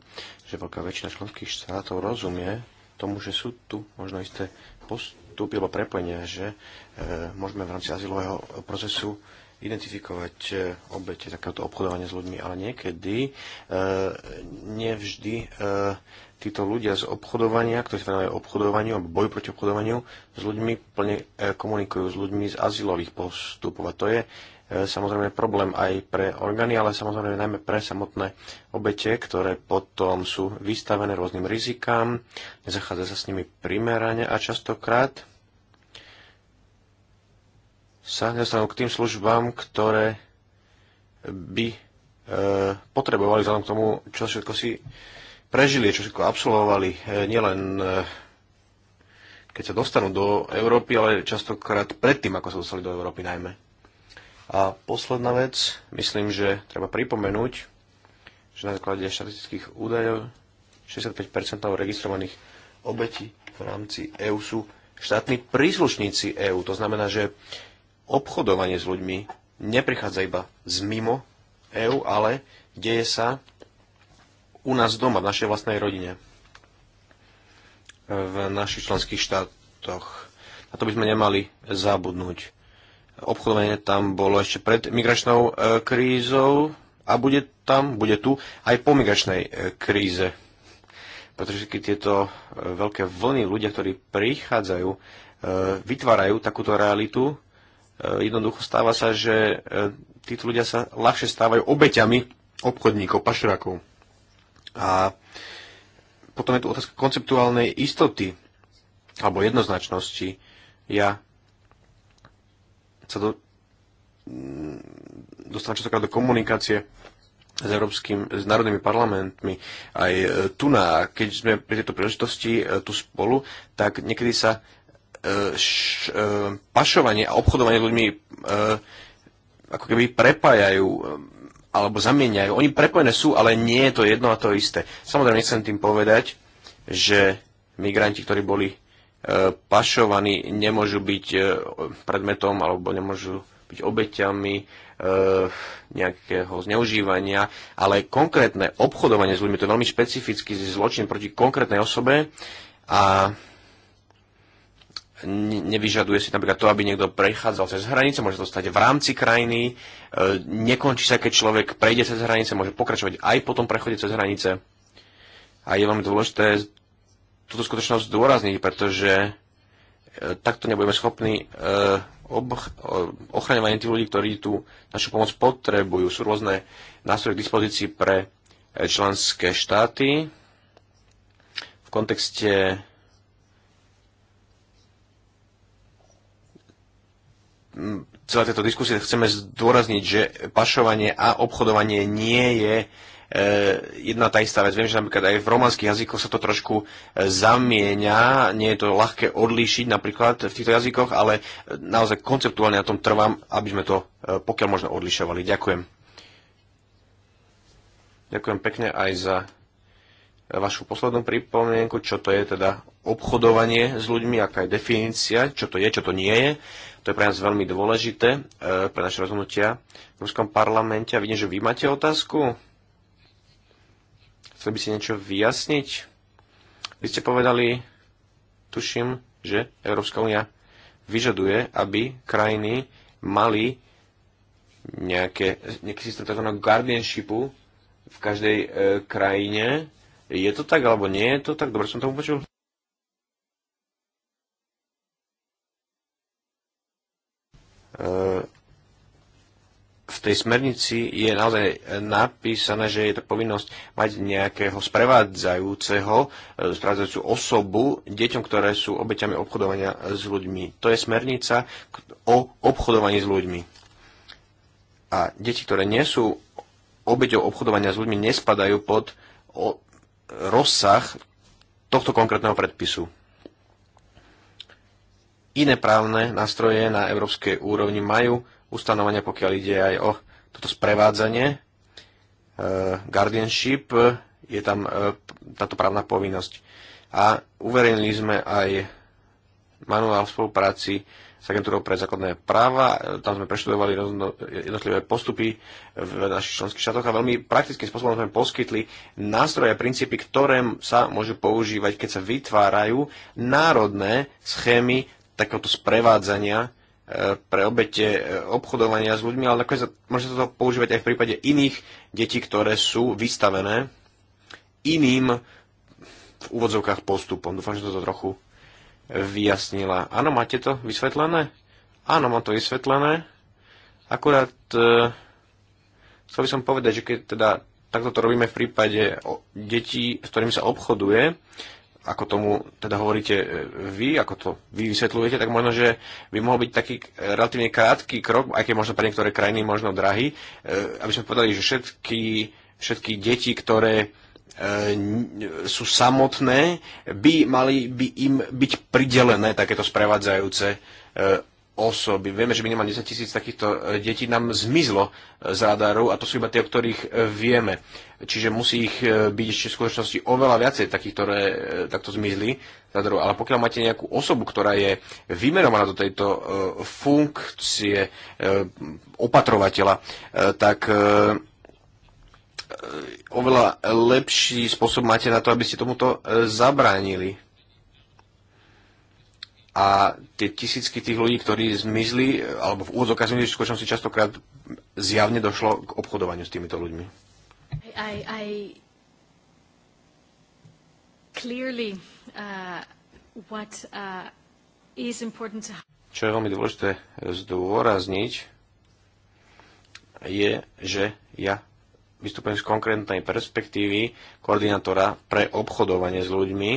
že veľká väčšina členských štátov rozumie tomu, že sú tu možno isté postupy alebo prepojenia, že e, môžeme v rámci azylového procesu identifikovať obete takéhoto obchodovania s ľuďmi, ale niekedy e, nevždy e, títo ľudia z obchodovania, ktorí sa venujú obchodovaniu alebo boju proti obchodovaniu s ľuďmi, plne e, komunikujú s ľuďmi z azylových postupov. A to je e, samozrejme problém aj pre orgány, ale samozrejme najmä pre samotné obete, ktoré potom sú vystavené rôznym rizikám, nezachádza sa s nimi primerane a častokrát sa nedostanú k tým službám, ktoré by e, potrebovali vzhľadom k tomu, čo všetko si prežili, čo všetko absolvovali, e, nielen e, keď sa dostanú do Európy, ale častokrát predtým, ako sa dostali do Európy najmä. A posledná vec, myslím, že treba pripomenúť, že na základe štatistických údajov 65% registrovaných obetí v rámci EÚ sú štátni príslušníci EÚ. To znamená, že obchodovanie s ľuďmi neprichádza iba z mimo EÚ, ale deje sa u nás doma, v našej vlastnej rodine, v našich členských štátoch. Na to by sme nemali zabudnúť. Obchodovanie tam bolo ešte pred migračnou e, krízou a bude tam, bude tu aj po migračnej e, kríze. Pretože keď tieto e, veľké vlny ľudia, ktorí prichádzajú, vytvárajú takúto realitu. Jednoducho stáva sa, že títo ľudia sa ľahšie stávajú obeťami obchodníkov, pašerákov. A potom je tu otázka konceptuálnej istoty alebo jednoznačnosti. Ja sa do, dostávam častokrát do komunikácie s, európskym, s národnými parlamentmi. Aj e, tu na, keď sme pri tejto príležitosti e, tu spolu, tak niekedy sa e, š, pašovanie a obchodovanie ľuďmi ako keby prepájajú alebo zamieňajú. Oni prepojené sú, ale nie je to jedno a to isté. Samozrejme, nechcem tým povedať, že migranti, ktorí boli e, pašovaní, nemôžu byť e, predmetom alebo nemôžu byť obeťami e, nejakého zneužívania, ale konkrétne obchodovanie s ľuďmi, to je veľmi špecifický zločin proti konkrétnej osobe a nevyžaduje si napríklad to, aby niekto prechádzal cez hranice, môže to stať v rámci krajiny, e, nekončí sa, keď človek prejde cez hranice, môže pokračovať aj po tom prechode cez hranice. A je veľmi dôležité túto skutočnosť zdôrazniť, pretože e, takto nebudeme schopní e, ochraňovať tých ľudí, ktorí tú našu pomoc potrebujú. Sú rôzne nástroje k dispozícii pre členské štáty v kontexte celé tejto diskusie chceme zdôrazniť, že pašovanie a obchodovanie nie je e, jedna tá istá vec. Viem, že napríklad aj v románskych jazykoch sa to trošku e, zamieňa, nie je to ľahké odlíšiť napríklad v týchto jazykoch, ale naozaj konceptuálne na tom trvám, aby sme to e, pokiaľ možno odlišovali. Ďakujem. Ďakujem pekne aj za vašu poslednú pripomienku, čo to je teda obchodovanie s ľuďmi, aká je definícia, čo to je, čo to nie je. To je pre nás veľmi dôležité, e, pre naše rozhodnutia v Európskom parlamente. A vidím, že vy máte otázku. Chceli by ste niečo vyjasniť? Vy ste povedali, tuším, že Európska únia vyžaduje, aby krajiny mali nejaké, nejaký systém tzv. guardianshipu v každej e, krajine. Je to tak, alebo nie je to tak? Dobre som tomu počul. E, v tej smernici je naozaj napísané, že je to povinnosť mať nejakého sprevádzajúceho, e, sprevádzajúcu osobu deťom, ktoré sú obeťami obchodovania s ľuďmi. To je smernica o obchodovaní s ľuďmi. A deti, ktoré nie sú obeťou obchodovania s ľuďmi, nespadajú pod rozsah tohto konkrétneho predpisu iné právne nástroje na európskej úrovni majú ustanovania, pokiaľ ide aj o toto sprevádzanie. E, guardianship, e, je tam e, táto právna povinnosť. A uverejnili sme aj manuál v spolupráci s agentúrou pre základné práva. Tam sme preštudovali jednotlivé postupy v našich členských štátoch a veľmi praktickým spôsobom sme poskytli nástroje a princípy, ktoré sa môžu používať, keď sa vytvárajú národné schémy takéhoto sprevádzania e, pre obete e, obchodovania s ľuďmi, ale nakoniec môže sa to používať aj v prípade iných detí, ktoré sú vystavené iným v úvodzovkách postupom. Dúfam, že to trochu vyjasnila. Áno, máte to vysvetlené? Áno, mám to vysvetlené. Akurát e, chcel by som povedať, že keď teda takto to robíme v prípade detí, s ktorým sa obchoduje, ako tomu teda hovoríte e, vy, ako to vy vysvetľujete, tak možno, že by mohol byť taký relatívne krátky krok, aj keď možno pre niektoré krajiny možno drahý, e, aby sme povedali, že všetky, všetky deti, ktoré e, sú samotné, by mali by im byť pridelené takéto sprevádzajúce osoby. Vieme, že minimálne 10 tisíc takýchto e, detí nám zmizlo e, z radarov a to sú iba tie, o ktorých e, vieme. Čiže musí ich byť ešte v skutočnosti oveľa viacej takých, ktoré takto zmizli z radarov. Ale pokiaľ máte nejakú osobu, ktorá je vymenovaná do tejto funkcie opatrovateľa, tak oveľa lepší spôsob máte na to, aby ste tomuto zabránili a tie tisícky tých ľudí, ktorí zmizli, eh, alebo v úvodzovkách zmizli v skutočnosti častokrát zjavne došlo k obchodovaniu s týmito ľuďmi. I, I, clearly, uh, what, uh, is important to... Čo je veľmi dôležité zdôrazniť, je, že ja vystúpim z konkrétnej perspektívy koordinátora pre obchodovanie s ľuďmi.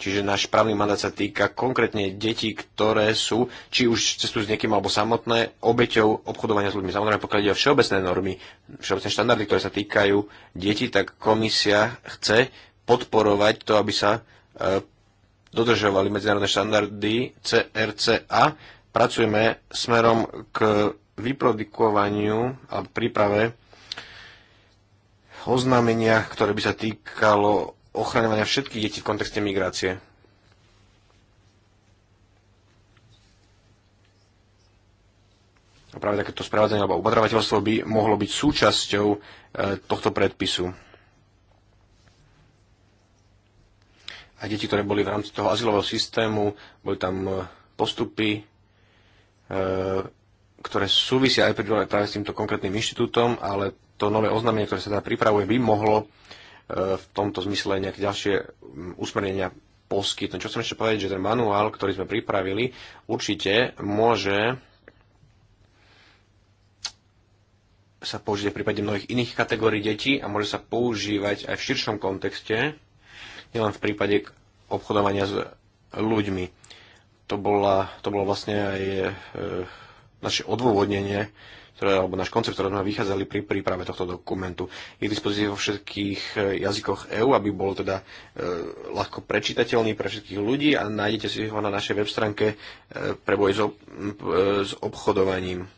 Čiže náš právny mandát sa týka konkrétne detí, ktoré sú, či už cestujú s niekým alebo samotné, obeťou obchodovania s ľuďmi. Samozrejme, pokiaľ ide o všeobecné normy, všeobecné štandardy, ktoré sa týkajú detí, tak komisia chce podporovať to, aby sa e, dodržovali medzinárodné štandardy CRCA. Pracujeme smerom k vyprodukovaniu a príprave oznámeniach, ktoré by sa týkalo ochraňovania všetkých detí v kontexte migrácie? A práve takéto sprevádzanie alebo obadrovateľstvo by mohlo byť súčasťou e, tohto predpisu. A deti, ktoré boli v rámci toho azylového systému, boli tam e, postupy, e, ktoré súvisia aj práve s týmto konkrétnym inštitútom, ale to nové oznámenie, ktoré sa teda pripravuje, by mohlo e, v tomto zmysle nejaké ďalšie usmernenia poskytnúť. Čo chcem ešte povedať, že ten manuál, ktorý sme pripravili, určite môže sa použiť v prípade mnohých iných kategórií detí a môže sa používať aj v širšom kontexte, nielen v prípade obchodovania s ľuďmi. To, bola, to bolo vlastne aj e, naše odôvodnenie ktoré, alebo náš koncept, ktoré sme vychádzali pri príprave tohto dokumentu. Je dispozícii vo všetkých eh, jazykoch EÚ, aby bol teda e, ľahko prečítateľný pre všetkých ľudí a nájdete si ho na našej web stránke e, eh, pre boj e, s obchodovaním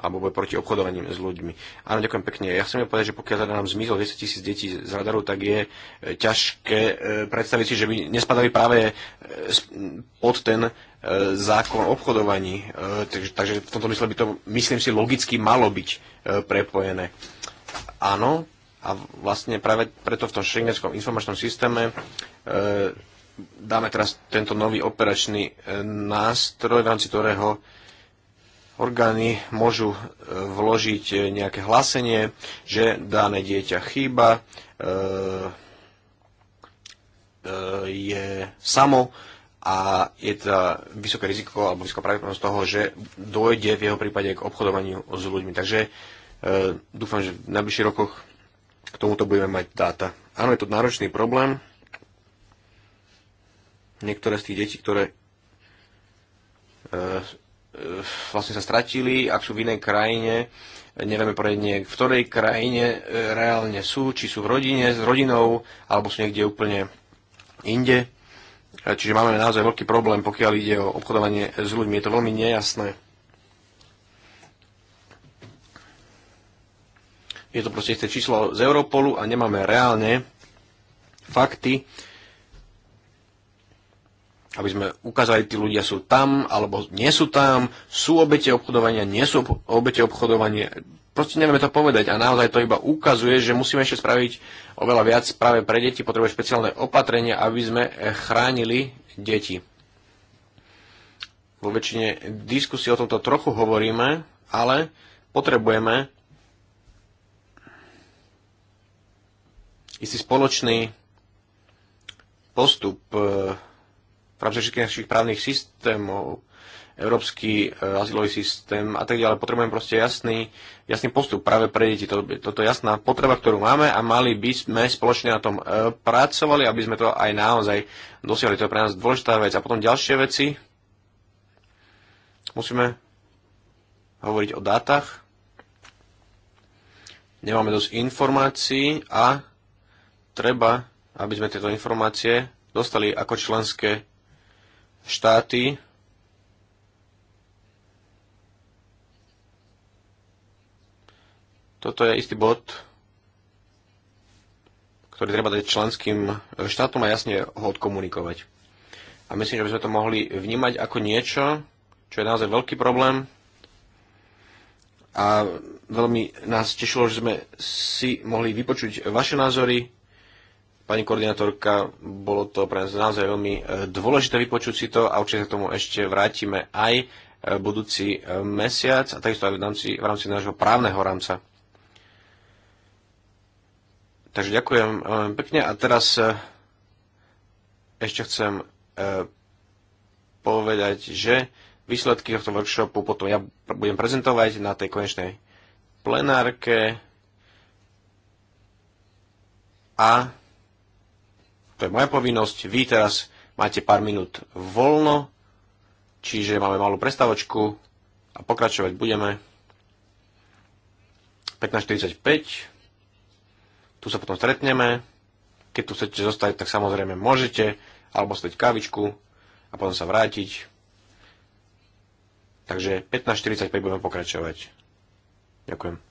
alebo boj proti obchodovaním s ľuďmi. Áno, ďakujem pekne. Ja chcem povedať, že pokiaľ teda nám zmizlo 10 tisíc detí z radaru, tak je e, ťažké e, predstaviť si, že by nespadali práve e, pod ten zákon o obchodovaní. Takže, takže v tomto mysle by to, myslím si, logicky malo byť prepojené. Áno, a vlastne práve preto v tom šengenskom informačnom systéme dáme teraz tento nový operačný nástroj, v rámci ktorého orgány môžu e, vložiť e, nejaké hlásenie, že dané dieťa chýba, e, je samo a je teda vysoké riziko alebo vysoká pravdepodobnosť toho, že dojde v jeho prípade k obchodovaniu s ľuďmi. Takže dúfam, že v najbližších rokoch k tomuto budeme mať dáta. Áno, je to náročný problém. Niektoré z tých detí, ktoré E, vlastne sa stratili, ak sú v inej krajine, nevieme poradne, v ktorej krajine e, reálne sú, či sú v rodine, s rodinou, alebo sú niekde úplne inde. E, čiže máme naozaj veľký problém, pokiaľ ide o obchodovanie s ľuďmi. Je to veľmi nejasné. Je to proste isté číslo z Europolu a nemáme reálne fakty, aby sme ukázali, tí ľudia sú tam, alebo nie sú tam, sú obete obchodovania, nie sú obete obchodovania. Proste nevieme to povedať a naozaj to iba ukazuje, že musíme ešte spraviť oveľa viac práve pre deti, potrebuje špeciálne opatrenia, aby sme eh, chránili deti. Vo väčšine diskusí o tomto trochu hovoríme, ale potrebujeme istý spoločný postup eh, v všetkých našich právnych systémov, európsky e, azylový systém a tak ďalej. Potrebujeme proste jasný, jasný postup práve pre deti. Toto, toto je jasná potreba, ktorú máme a mali by sme spoločne na tom e, pracovali, aby sme to aj naozaj dosiahli. To je pre nás dôležitá vec. A potom ďalšie veci. Musíme hovoriť o dátach. Nemáme dosť informácií a treba, aby sme tieto informácie dostali ako členské štáty Toto je istý bod, ktorý treba dať členským štátom a jasne ho odkomunikovať. A myslím, že by sme to mohli vnímať ako niečo, čo je naozaj veľký problém. A veľmi nás tešilo, že sme si mohli vypočuť vaše názory, Pani koordinátorka, bolo to pre nás naozaj veľmi e, dôležité vypočuť si to a určite sa k tomu ešte vrátime aj e, budúci e, mesiac a takisto aj v rámci, v rámci nášho právneho rámca. Takže ďakujem pekne a teraz ešte chcem povedať, že výsledky tohto workshopu potom ja budem prezentovať na tej konečnej plenárke a to je moja povinnosť. Vy teraz máte pár minút voľno, čiže máme malú prestavočku a pokračovať budeme. 15.45. Tu sa potom stretneme. Keď tu chcete zostať, tak samozrejme môžete, alebo stať kávičku a potom sa vrátiť. Takže 15.45 budeme pokračovať. Ďakujem.